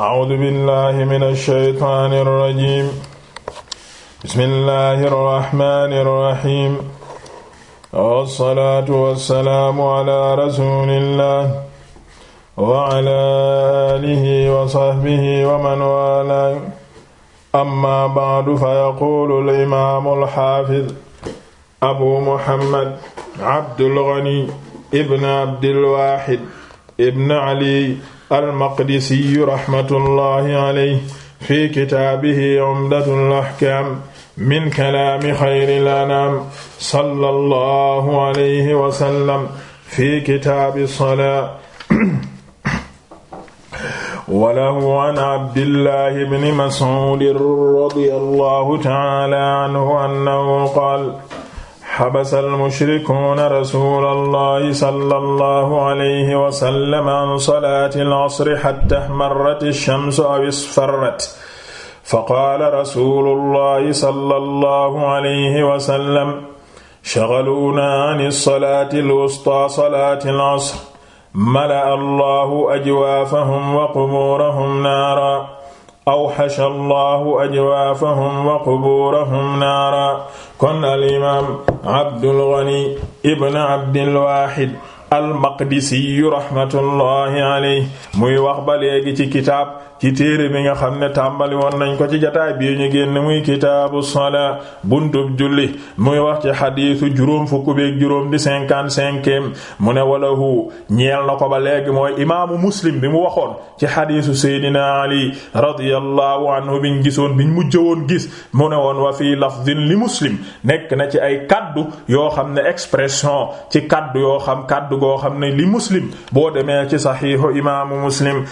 a'uudu billahi mina shaytaani rajiim bismillahi rahmaani rahiim wassalaatu wassalaamu ala rasuulillah wa ala aalihi wa sahbihi wa man waalaahu amma ba'du fa yaquulu al-imaamu al-haafiz abu muhammad abdul ghani ibn abdil waahid ibn ali al-Maqdisiyu rahmatullahi alayhi fi kitaabihi Umdatul Ahkaam min kalaami xayril anaam sallallahu alayhi wa sallam fi kitaabi salaa wa lahu an Abdillahi ibni Mas'uud radiyallahu ta'aala anhu annahu qaala xabasa almushrikuuna rasula allahi sala allahu alayhi wasallam an salaati alasri xatta axmarat alchamsu aw isfarrat faqaala rasulu allahi sala allahu alayhi wasallam shagaluuna an alsalaati alwusta salaati alasr mala'a allahu ajwaafahum wa qubuurahum naara aw xasha allahu ajwaafahum wa qubuurahum naara kon al imaam Abdul Ghani ibn Abdil Waahid al maqdisiyu rahmatullahi alayhi muy wax ba léegi ci kitaab ci téere bi nga xam ne tàmbali woon nañ ko ci jataay bii ñu génn muy kitaabu salaa buntub julli muy wax ci xadiisu juróom fukk beek juróom di cinquante-cinquième mu ne walahu ñeel na ko ba léegi mooy imaamu muslim bi mu waxoon ci xadiisu seydina ali radiyallahu anhu biñ gisoon bi ñu mujj woon gis mu ne woon wa fii lafdin li muslim nekk na ci ay kaddu yoo xam ne expression ci kaddu yoo xam kaddu goo xam ne li muslim boo demee ci saxiixu imaamu muslim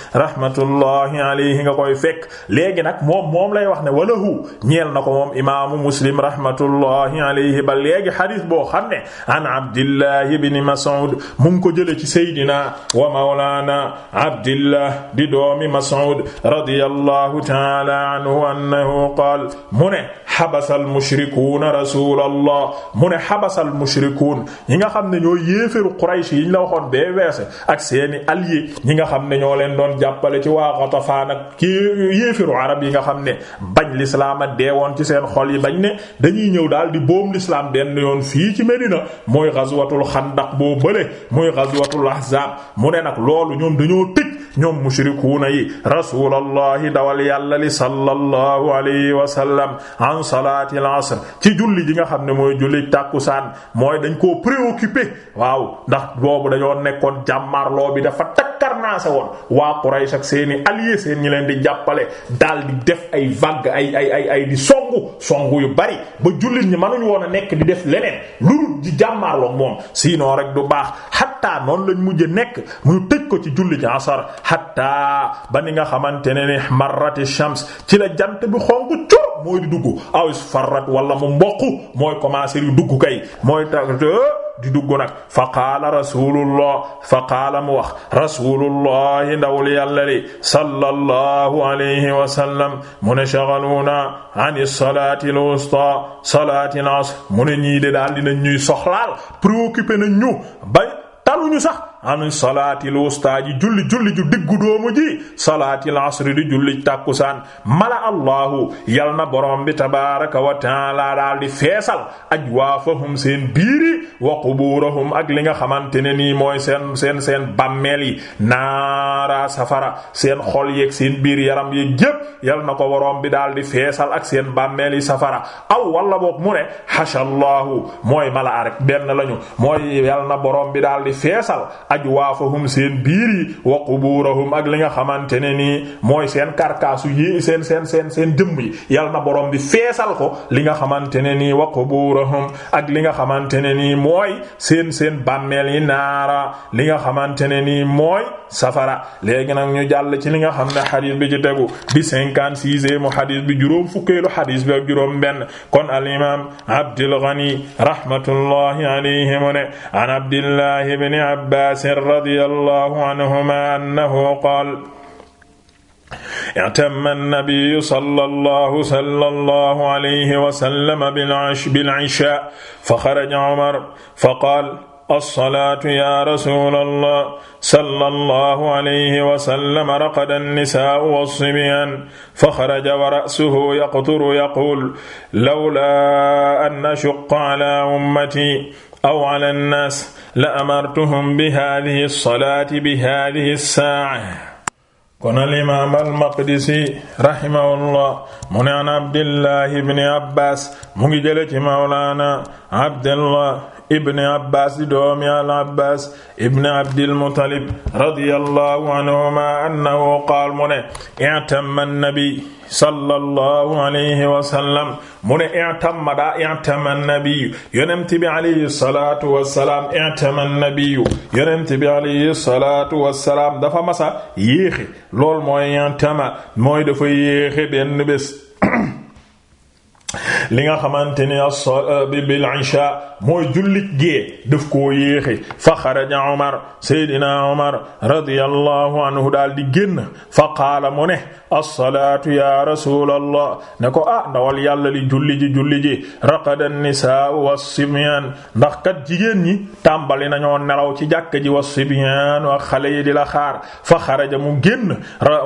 alayhi nga koy fekk léegi nag moom moom lay wax ne walahu ñeel na ko moom imaamu muslim rahmatullahi alayhi ba léegi xadis boo xam ne an abdillah ibn mas'ud mu ngi ko jële ci saydina wa mawlaana abdillah di doomi mas'ud radiyallahu ta'ala anhu annahu qaal mu ne xabasal mushrikuuna rasulallah mu ne xabasal mushrikuun ñi nga xam ne ñoo yéefaru Quraysh yi ñu la waxoon bee weese ak seeni alliés ñi nga xam ne ñoo leen doon jàppale ci waa Ghatafaan alquran kii ki yéefiru arab yi nga xam ne bañ lislaama woon ci seen xol yi bañ ne dañuy ñëw daal di boom lislaam benn yoon fii ci Medina mooy ghazwatul xandaq boo bële mooy ghazwatul ahzab mu ne nag loolu ñoom dañoo tëj ñoom mushrikuuna yi rasulallahi dawal yàlla li sallallahu alayhi wa sallam an salaatil asr ci julli ji nga xam ne mooy julli saan mooy dañ koo préoccupé waaw ndax boobu dañoo nekkoon jàmmaarloo bi dafa takkar naa sa woon waa Quraysh ak seeni alliés seen ñi leen di jàppale daal di def ay vague ay ay ay ay di songu songu yu bari ba jullit ñi mënuñu woon a nekk di def leneen lu di jàmmarloo moom sinon rek du baax hatta noonu lañ mujj nekk mu tëj ko ci julli ji asar hatta ba ni nga xamante ne ni marrati shams ci la jant bi xonk cur mooy di dugg aw farrat wala mu mboq mooy commencé di dugg kay mooy tax di dugg nag fa qaala rasulullah fa qaala mu wax rasulullahi ndawul yàlla li sallallahu alayhi wa sallam mu ne shaghaluuna an salaati al-wusta salaati al-asr mu ne ñii de daal dina ñuy soxlaal préoccupé na ñu bay taluñu sax an salaatil wustaa ji julli julli ju diggu doomu ji salaatil asri di julli tàkkusaan mala allahu yal na borom bi tabaraka wa taala daal di feesal ajwaafahum seen biiri wa qubuurahum ak li nga xamante ne nii mooy seen seen seen bàmmeel yi naara safara seen xol yeeg seen biir yaram yeeg yépp yal na ko borom bi daal di feesal ak seen bàmmeel yi safara aw wala boog mu ne hashallahu mooy mala a rek lañu mooy yal na bi daal di feesal ajwaafahum seen biir yi wa quburahum ak li nga xamante ne nii mooy seen karkaasu yi seen seen seen seen jëmm yal na borom bi feesal ko li nga xamante ne nii wa quburahum ak li nga xamante ne nii mooy seen seen bàmmeel yi naara li nga xamante ne nii mooy safara léegi nag ñu jàll ci li nga xam ne bi ci tegu di cinquante-sixième xadis bi juróom fukkeelu xadis bi ak juróom benn kon al imam Abdul Ghani Abdillahi ibn Abbas Abbas radiyallahu anhuma annahu qaala i'tamma an-nabiyyu sallallahu sallallahu alayhi wa sallam bil-'ishaa faxaraja Umar faqaala as-salaatu yaa rasuulallah sallallahu alayhi wa sallam raqada an-nisaa'u was-sibyaan faxaraja wa ra'suhu yaqturu yaquulu lawlaa an ashukka alaa ummatii aw ala nnaas la amartuhum bi hadihi lsalaati bi hadihi lsaaca kon alimaam almaqdisi rahimahullah mu ne an abdillahi bni abbas mu ngi jële ci mawlaana abdullah ibni abbas di doomi al abbas ibni abdilmutalib radiyallahu anhuma annahu qaal mu ne i'tamma nabi sallallahu alayhi wa sallam mu ne i'tamma daa i'tamma nabi yonent bi alayhi salaatu wa salaam i'tamma nabi yonent bi alayhi salaatu wa salaam dafa masa yéexe lool mooy i'tamma mooy dafa yéexe benn bés li nga xamante ni as-salaat euh, bil isha mooy jullit gee daf koo yéexe fa xaraja Umar Seydina Umar radiyallahu anhu daal di génn fa qaala mu ne as-salaatu ya rasuulallah ne ko ah ndawal yàlla li julli ji julli ji raqada an-nisaa was-sibyaan ndax kat jigéen ñi tàmbali nañoo nelaw ci jàkk ji was-sibyaan ak xale yi di la xaar fa xaraja mu génn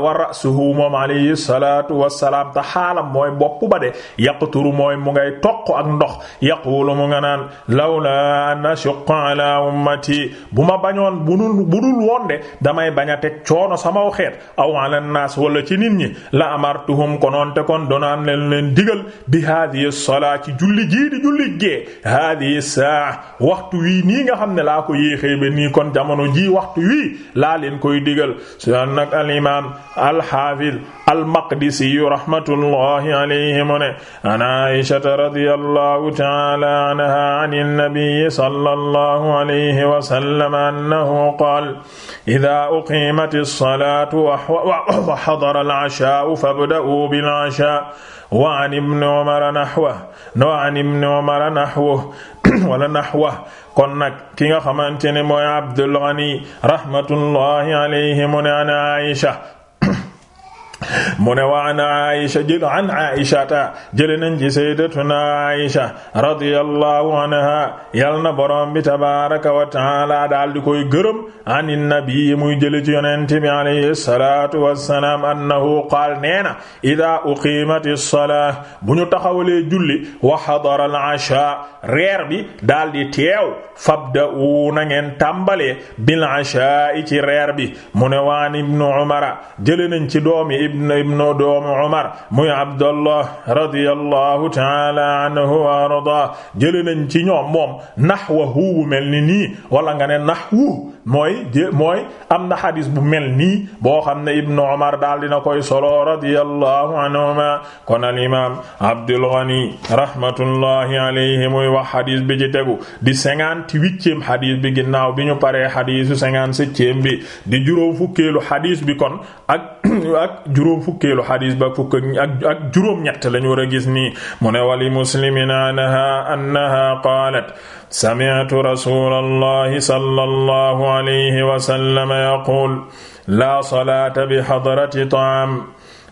wa ra'suhu moom alayhi salaatu wassalaam ta xaalam mooy bopp ba de yaqturu mooy mooy mu ngay toq ak ndox yaqulu mu nga naan lawla an ashqa ala ummati bu ma bañoon bunul budul woon de damay bañ a teg coono samaw xeet aw ala naas wala ci nit ñi la amartuhum konoon te kon doonaan leen leen digal bi hadhihi salaa ci julli jii di julli gee hadhihi saa waxtu wii nii nga xam ne laa ko yéexee ba nii kon jamono jii waxtu wii laa leen koy digal suan nag al imam al hafiz al maqdisi Aysata radiyallahu ta'ala anha an an-nabiyyi sallallahu alayhi wa sallam annahu qaala idhaa uqiimati as-salaatu wa hadara al-'ashaa'u fabda'uu bil-'ashaa'i wa 'an ibni Umara nahwahu wa 'an ibni Umara nahwahu wala nahwahu kon nag ki nga xamante ne mooy Abdul Ghani rahmatullahi alayhi mu ne an Aysa mu ne wa an Aisha jël an Aishata jële nañ ci sayyidatuna Aisha radiyallahu anha yal na borom bi tabaaraka wa taala daal di koy gërëm an nabi muy jële ci yonent bi alayhi salaatu wassalaam annahu qaal neena idaa uqiimati salaa bu ñu taxawalee julli wa hadara al-ashaa reer bi daal di teew fabda'u na ngeen tàmbalee bil-ashaa ci reer bi mu ne wa an ibnu Umara jële nañ ci doomi ibn ibnu doomu Umar muy Abdallah radiyallahu taala anhu wa arda jële nañ ci ñoom moom nahwahu mel ni nii wala nga ne nahwu mooy jé mooy am na xadis bu mel nii boo xam ne Ibnu Umar daal dina koy solo radiyallahu anhuma kon al imam Abdul Ghani rahmatullahi alayhi muy wax xadis bi ci tegu di cinquante-huitième xadis bi ginnaaw bi ñu paree xadisu cinquante-septième bi di juróom fukkeelu xadis bi kon ak ak juróom fukkeelu xadis ba fukk ak ñett lañu war a gis nii mu ne wali muslimin anha annaha qaalat sami'tu rasuulallahi sallallahu alayhi wa sallam yaquul laa salaata bi hadrati ta'aam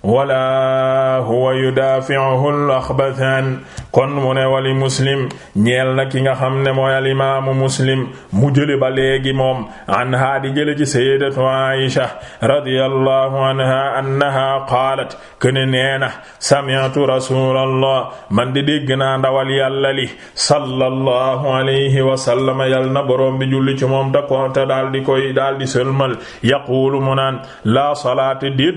wala huwa yudaafi'uhu al-akhbathaan kon mu ne wali muslim ñeel na ki nga xam ne mooy alimaamu muslim mu jële ba léegi moom anha di jële ci sayyidatu aisha anha annaha qaalat kene neena sami'tu man di dégg naa ndawal yàlla li sallallahu alayhi wa sallam bi julli ci ta ko ta daal di koy daal di sëlmal yaquulu mu naan laa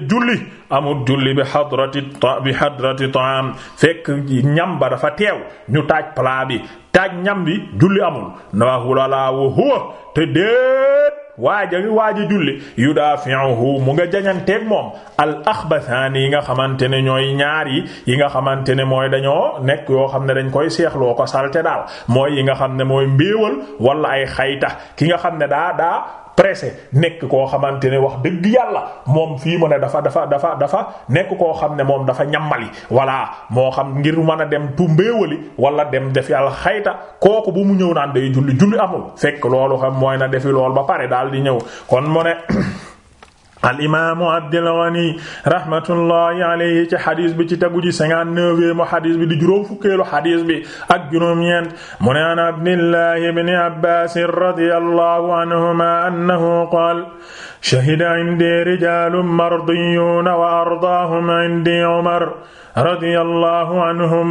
julli amul julli bi hadrati ta'am fekk ñam dafa teew ñu taaj plat bi taaj ñam bi julli amul nawahulala wa huwa te déet waaja ngi waaji julli yudafi'uhu mu nga jañanteeg moom al axbathaani yi nga xamante ne ñooy ñaar yi yi nga xamante ne mooy dañoo nekk yoo xam ne dañ koy seexloo ko salte daal mooy yi nga xam ne mooy mbéewal wala ay xayta ki nga xam ne daa daa pressé nekk koo xamante ne wax dëgg yàlla moom fii mu ne dafa dafa dafa dafa nekk koo xam ne moom dafa ñammali voilà moo xam ngir mën a dem tumbéewali wala dem def yàlla xayta kooku bu mu ñëw naan day julli julli amul fekk loolu xam mooy na defi lool ba pare daal di ñëw kon mu ne al imaamu Abdul Ghani rahmatullahi alayhi ci xadis bi ci tegu ji cinquante-neuvième mu xadis bi di juróom fukkeelu xadis bi ak juróom-ñeent mu ne an Abdillahi ibn Abbaas radiyallahu anhuma annahu qaala shahida indi rijaalun mardiyuuna wa ardaahum indi Umar radiyallahu anhum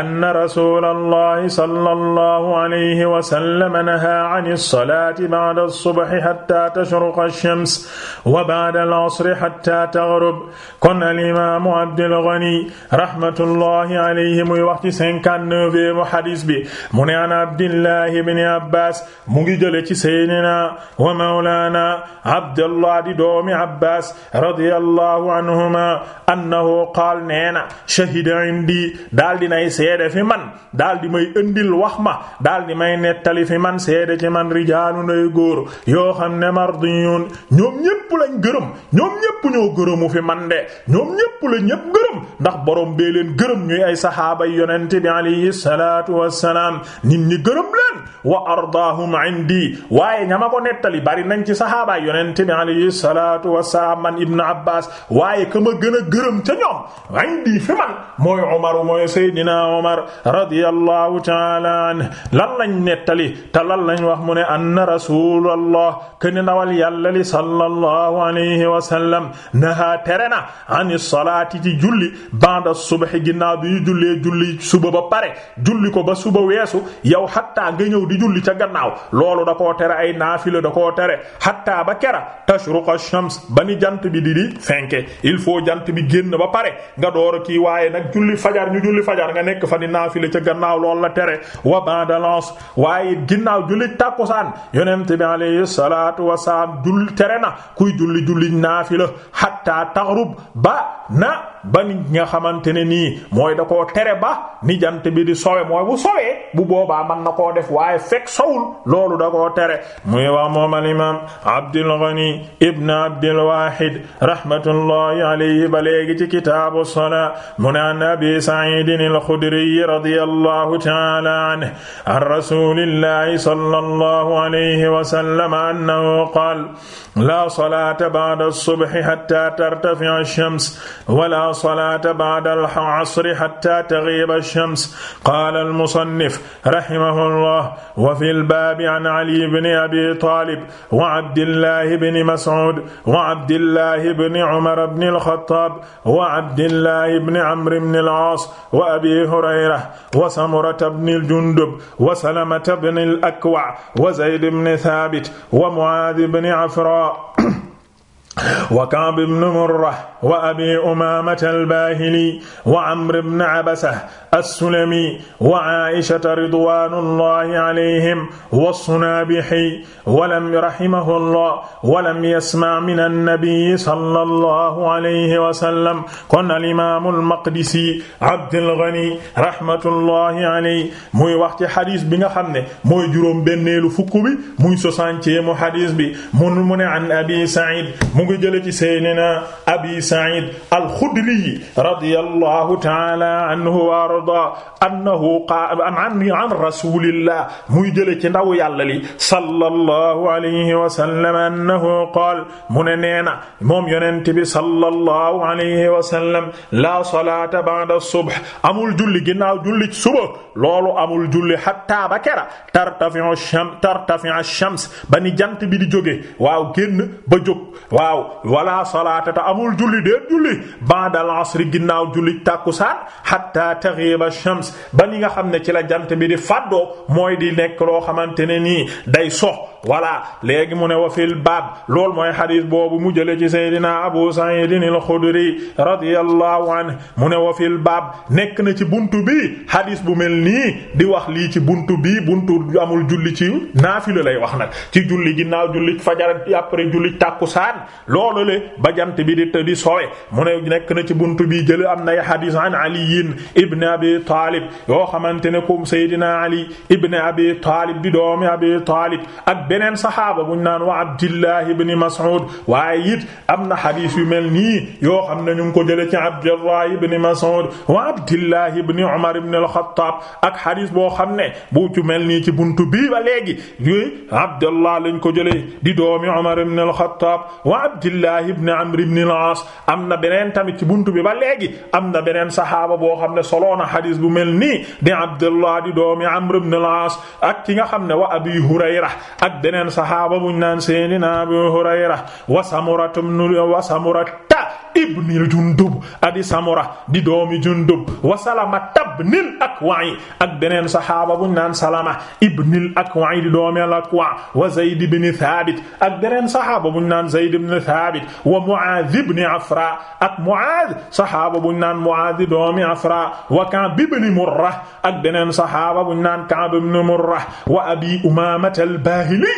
anna rasuulallahi sallallahu alayhi wa sallam nahaa ani salaati ba'da subhi hattaa tashruqa shams wa ba'da al-asri hattaa taghrub kon al-imaamu Abdul Ghani rahmatullahi alayhi muy wax ci cinquante-neuvième hadiis bi mu ne an Abdillahi ibn Abbaas mu ngi jële ci sayyidinaa wa mawlaanaa Abd abdallah di doomi abbas radiyallahu anhuma annahu qaal nee na shahida indi daal di nay seede fi man daal di may indil wax ma daal di may nettali fi man seede ci man rijaalu nay góor yoo xam ne mardiyun ñoom ñépp lañ gërëm ñoom ñépp ñoo gërëmu fi man de ñoom ñépp la ñépp gërëm ndax borom bee leen gërëm ñuy ay saxaaba yonent bi alayhi salaatu wassalaam nit ñi gërëm leen wa ardaahum indi waaye ñama ko nettali bari nañ ci saxaaba yonent alayhi salaatu wasalaam man Ibn Abbas waaye ka ma gën a gërëm ca ñoom indi fi mooy Umar mooy Seydina Umar radiyallahu taala an lañ nettali te lan lañ wax mu ne anna rasulallah ken ndawal yàlla li sallallahu alayhi wa sallam naha ani salaati ci julli ba'da subh ginnaaw bi ñu jullee julli suba ba pare julli ko ba suba weesu yow hatta nga ñëw di julli ca gannaaw loolu da ko tere ay naafila da koo tere hatta ba kera tashruqa ash-shams ba ni jant bi di di fenke il faut jant bi génn ba pare nga door a kii waaye nag julli fajar ñu julli fajar nga nekk fa di naafile ca gannaaw lool la tere wa bandalance waaye ginnaaw julli tàkkusaan yonent bi alayhi salaatu wasalaam julli tere na kuy julli julli naafila hatta taghrub ba na ba ni nga xamante ne nii mooy da koo tere ba ni jant bi di sowe mooy bu sowee bu boobaa man na koo def waaye fekk sowul loolu da koo tere muy wax moom alqahtani ibn abdilwahid rahmatullahi alayhi ba léegi ci kitaabu salaa mu naan abi saidin alxudriyi radi allahu taala anh an rasulillahi sallallahu alayhi wasallam annahu qaal laa salaata ba'da as-subhi hatta tartafi'a ash-shams wa laa salaata ba'da al-'asri hatta taghiba ash-shams qaala al-musannif rahimahullah wa fil baabi 'an 'ali ibn abi talib wa 'abdillahi ibn ibni Mas'ud wa Abdillahi ibni Umar ibni al-Khattab wa Abdillahi ibni Amr ibni al-As wa Abi Hurayra wa Samurata ibni al-Jundub wa Salamata ibni al-Akwa' wa Zayd ibni Thabit wa Mu'adh ibni Afra wa Ka'b ibn Murra wa Abi Umaamata al-Baahili wa Amr ibn Abasa as-Sulami wa Aa'ishata ridwaanullaahi alayhim wa as-Sunaabihi wa lam rahimahullaah wa lam yasma' min an-nabiyyi sallallaahu alayhi wa sallam kon al-imaam al-Maqdisi Abdul Ghani rahmatullaahi alayhi muy wax ci xadis bi nga xam ne mooy juróom-benneelu fukk bi muy soixantième xadis bi mu ne an Abi Sa'iid ngi jële ci seydina abi sa'id al-xudri radiyallahu ta'ala anhu wa arda annahu qaala an rasulillah muy jële ci ndaw yàlla li sallallahu alayhi wa sallam annahu qaala mu ne neena moom yonent bi sallallahu alayhi wa sallam la salaata ba'da subh amul julli ginnaaw julli suba loolu amul julli hatta ba kera tartafi'u ash-shams tartafi'u ash-shams ba ni jant bi di jóge waaw génn ba jóg waaw waaw wala salaata te amul julli déet julli ba'dal asri ginnaaw julli tàkkusaan hatta taghiba shams ba ni nga xam ne ci la jant bi di fàddoo mooy di nekk loo xamante ne nii day sox voilà léegi mu ne wa fil baab loolu mooy xadis boobu mu jële ci Seydina Abu Sa'id al-Khudri radiyallahu mu ne wa baab nekk na ci buntu bi xadis bu mel nii di wax lii ci buntu bii buntu amul julli ci naafila lay wax nag ci julli ginnaaw julli fajar après julli tàkkusaan loolu le ba jant bi di te di sowe mu ne nekk na ci buntu bii jël am nay xadis an aliyin ibn abi talib yoo xamante ne comme Seydina ali ibn abi talib di doomi abi talib ak beneen saxaaba buñ naan wa Abdillah ibn Mas'ud waaye it am na xadiis yu mel nii yoo xam ne ñu ngi ko jëlee ci Abdullah ibn Mas'ud wa Abdillah ibn Umar ibn al-Khattab ak xadiis boo xam ne bu ci mel nii ci buntu bii ba léegi yooyu Abdullah lañ ko jëlee di doomi Umar ibn al-Khattab wa Abdillah ibn Amr ibn al-As am na beneen tamit ci buntu bi ba léegi am na beneen saxaaba boo xam ne solo na xadiis bu mel nii di Abdullah di doomi Amr ibn al-As ak ki nga xam ne wa Abi Hurayra ak beneen saxaaba buñ naan seydina Abu Hurayra wa samuratum wa samurata ibnil Jundub adi samura di doomi Jundub wa salamat ibnil Akwa ak beneen saxaaba bu ñu naan Salama ibnil Akwa di doomi al-Akwa wa Zayd ibn Thabit ak beneen saxaaba bu ñu naan Zayd ibn Thabit wa Mu'adh ibn Afra ak Mu'adh saxaaba bu ñu naan Mu'adh doomi Afra wa Ka'b ibn Murrah ak beneen saxaaba bu ñu naan Ka'b ibn Murrah wa Abi Umamah al-Bahili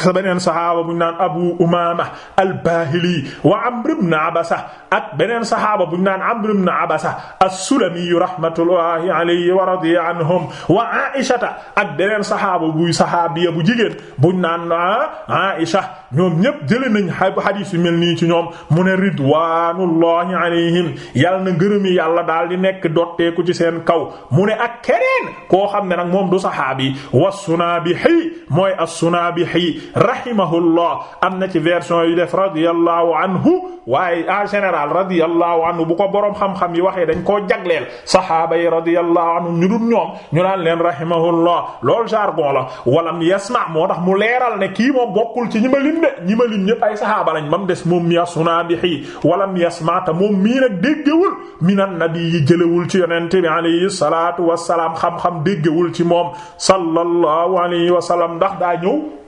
sa beneen saxaaba bu ñu naan Abu Umaama al-Baahili wa Amr ibn Abasa ak beneen saxaaba bu ñu naan Amr ibn Abasa as-Sulami rahmatullahi alayhi wa radiya anhum wa Aishata ak beneen saxaaba buy saxaabiya bu jigéen bu ñu naan ah, Aisha ñoom ñépp jëlee nañ xadiis yu mel nii ci ñoom mu ne ridwaanullahi alayhim yal na ngërëmi yàlla daal di nekk dotteeku ci seen kaw mu ne ak keneen koo xam ne nag moom du saxaabi wa sunaabihi mooy as-Sunaabihi al-Balkhi rahimahullah am na ci version yu def radiyallahu anhu waaye en général radiyallahu anhu bu ko boroom xam-xam yi waxee dañ koo jagleel saxaaba yi radiyallahu anhu ñu dul ñoom ñu naan leen rahimahullah loolu jargon la walam yasma moo tax mu leeral ne kii moom bokkul ci ñi ma lim de ñi ma lim ñëpp ay saxaaba lañ ba mu des moom mi as-Sunaabihi walam yasma te moom mii nag déggewul minan nabi yi jëlewul ci yonent bi alayhi salaatu wassalaam xam-xam déggewul ci moom sallallahu alayhi wa sallam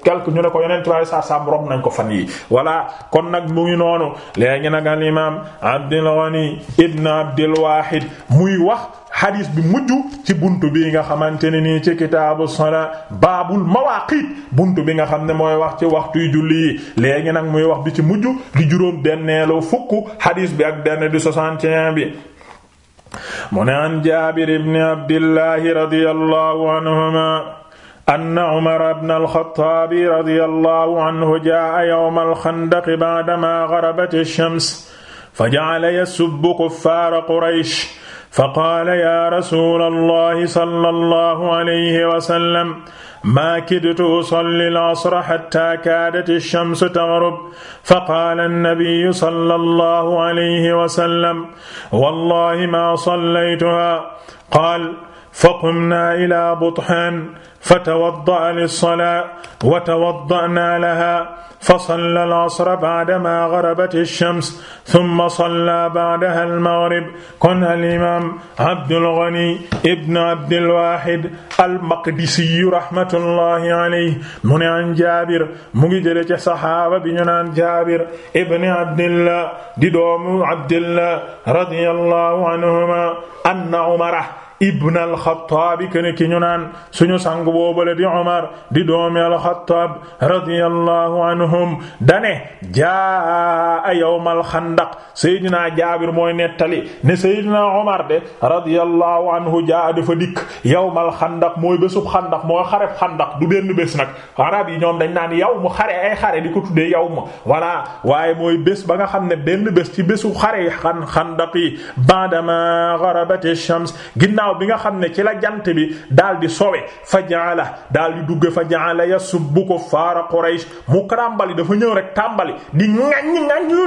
quelque ñu ne ko yeneen tubaab sa rob nañ ko fan yi voilà kon nag mu ngi noonu léegi nag al imaam Abdul Ghani ibn Abdul Wahid muy wax hadis bi mujj ci bunt bi nga xamante ne nii ci kitaabu salaa baabul mawaqit bunt bi nga xam ne mooy wax ci waxtuy julli yi léegi nag muy wax bi ci mujj di juróom benneelu fukk hadis bi ak benn di 61 bi mu ne an Jaabir ibn Abdillahi radiyallahu anhuma anna umara bna alxataabi radiyallahu anhu jaa yawma alxandaqi ba'dama garabat ash-shams faja'ala yasubbu kuffaara quraysh faqaala yaa rasuulallahi sallallahu alayhi wa sallam maa kidtu usalli al-asra hattaa kaadat ash-shamsu taghrub faqaala an-nabiyyu sallallahu alayhi wa sallam wallaahi maa sallaytuhaa qaala faqumnaa ilaa buthaan فتوضأ للصلاة وتوضأنا لها فصلى العصر بعدما غربت الشمس ثم صلى بعدها المغرب kon الإمام عبد الغني ابن عبد الواحد المقدسي رحمة الله عليه mu ne an Jaabir mu ngi jële ci saxaaba bi ñu naan Jaabir ibn Abdillah di doomu Abdillah radiyallahu anhuma anna Umara ibn alxataabi kene ki ñu naan suñu sang boobale di Umar di doomi alxataab radiyallahu anhum dane jaa yawmal xandaq Seydina Jaabir mooy nettali ne Seydina Umar de radiyallahu anhu jaa dafa dikk yawmal xandaq mooy bésub xandaq mooy xareb xandaq du benn bés nag arab yi ñoom dañ naan yow mu xare ay xare di ko tuddee yow ma voilà waaye mooy bés ba nga xam ne benn bés ci bésu xare xan xandaq yi ba'dama gharabat ash-shams ginnaaw ginnaaw bi nga xam ne ci la jant bi daal di sowe fa jaala daal di dugg fa bu ko kuffaara Quraysh mu karambali dafa ñëw rek tàmbali di ŋaññi ŋaññi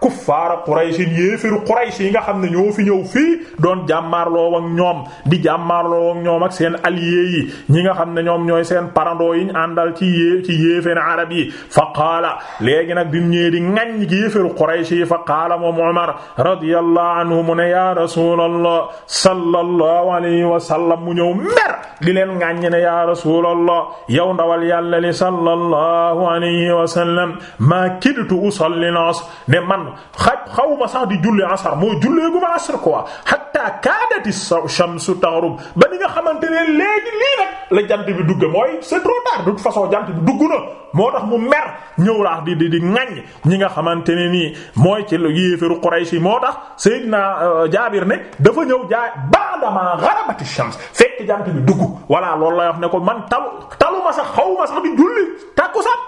kuffaara Qurayshin yéeféru Quraysh yi nga xam ne ñoo fi ñëw fii doon jàmmaarloo ak ñoom di jàmmaarloo ak ñoom ak seen alliés yi ñi nga xam ne ñoom ñooy seen parandoo yi ñu ci yée ci yéeféru yi fa qaala léegi nag bi mu ñëwee di ŋaññ ci yéeféru Quraysh yi fa qaala moom Umar radiyallahu anhu mu ne ya rasulallah sallallahu alayhi wa sallam mu ñëw mer di leen ŋàññ ne yaa rasulallah yow ndawal yàlla li sallallahu alayhi wa sallam maa kidtu usalli al asr ne man xaj xawma sax di julli asar moo jullee gu ma asr quoi hatta kaadati shamsu taghrub ba ni nga xamante ne léegi lii nag la jant bi dugg mooy c'est trop tard façon jant bi dugg na moo tax mu mer ñëw laax di di di ŋaññ ñi nga xamante ne nii mooy ci yéefaru Quraysh yi moo tax Seydina euh, Jaabir ne dafa ñëw jaay ba'dama gharabati shams fekk jant bi dugg voilà loolu lay wax ne ko man talu taluma sax xawuma sax di julli tàkkusaan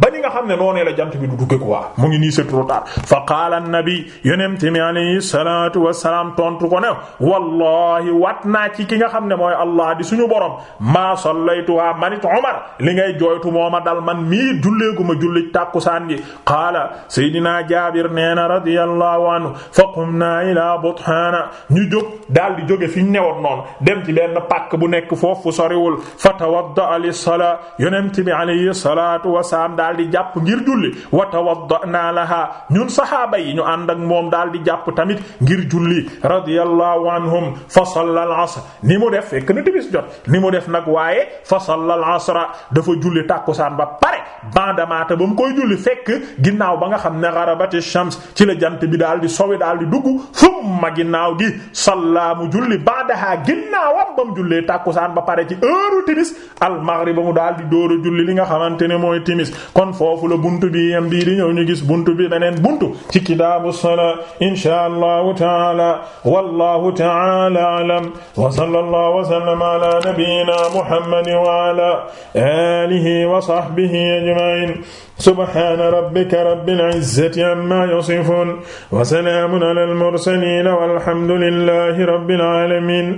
ba ni nga xam ne noonee la jant bi du dugge quoi mu ngi nii c'est trop tard fa qaala annabi yonent mi alayhi salatu wasalaam tontu ko ne wallahi wat naa ci ki nga xam ne mooy allah di suñu borom maa sallaytuha manit omar li ngay jooytu moo ma dal man mii julleeguma julli tàkkusaan gi qaala seydina jaabir nee na radiyallahu anhu fa qumna ila buthaana ñu jóg daal di jóge fi ñu newoon noonu dem ci benn pàkk bu nekk foofu soriwul fa tawadda lis salaa yonent bi alayhi salatu wasalaam daal di jàpp ngir julli wa tawadda'na laha ñun sahaaba yi ñu ànd ak moom daal di jàpp tamit ngir julli radiyallahu anhum fa salla al asr ni mu def fekk na timis jot ni mu def nag waaye fa salla al asra dafa julli tàkkusaan ba pare bandamaata ba mu koy julli fekk ginnaaw ba nga xam ne gharabati shams ci la jant bi daal di sowe daal di dugg summa ginnaaw gi salla mu julli badaha ginnaawam ba mu jullee tàkkusaan ba pare ci heure timis al daal di dóora julli li nga xamante ne mooy timis kon foofu la buntu bi yem bii di ñëw ñu gis buntu bi beneen buntu ci kitaabu salaa insha allahu taala wallahu taala alam wa sallallahu wa sallama ala nabiyyina muhammadin wa ala alihi wa sahbihi ajma'in subhana rabbika rabbil izzati amma yasifun wa salamun ala al mursalin walhamdulillahi rabbil alamin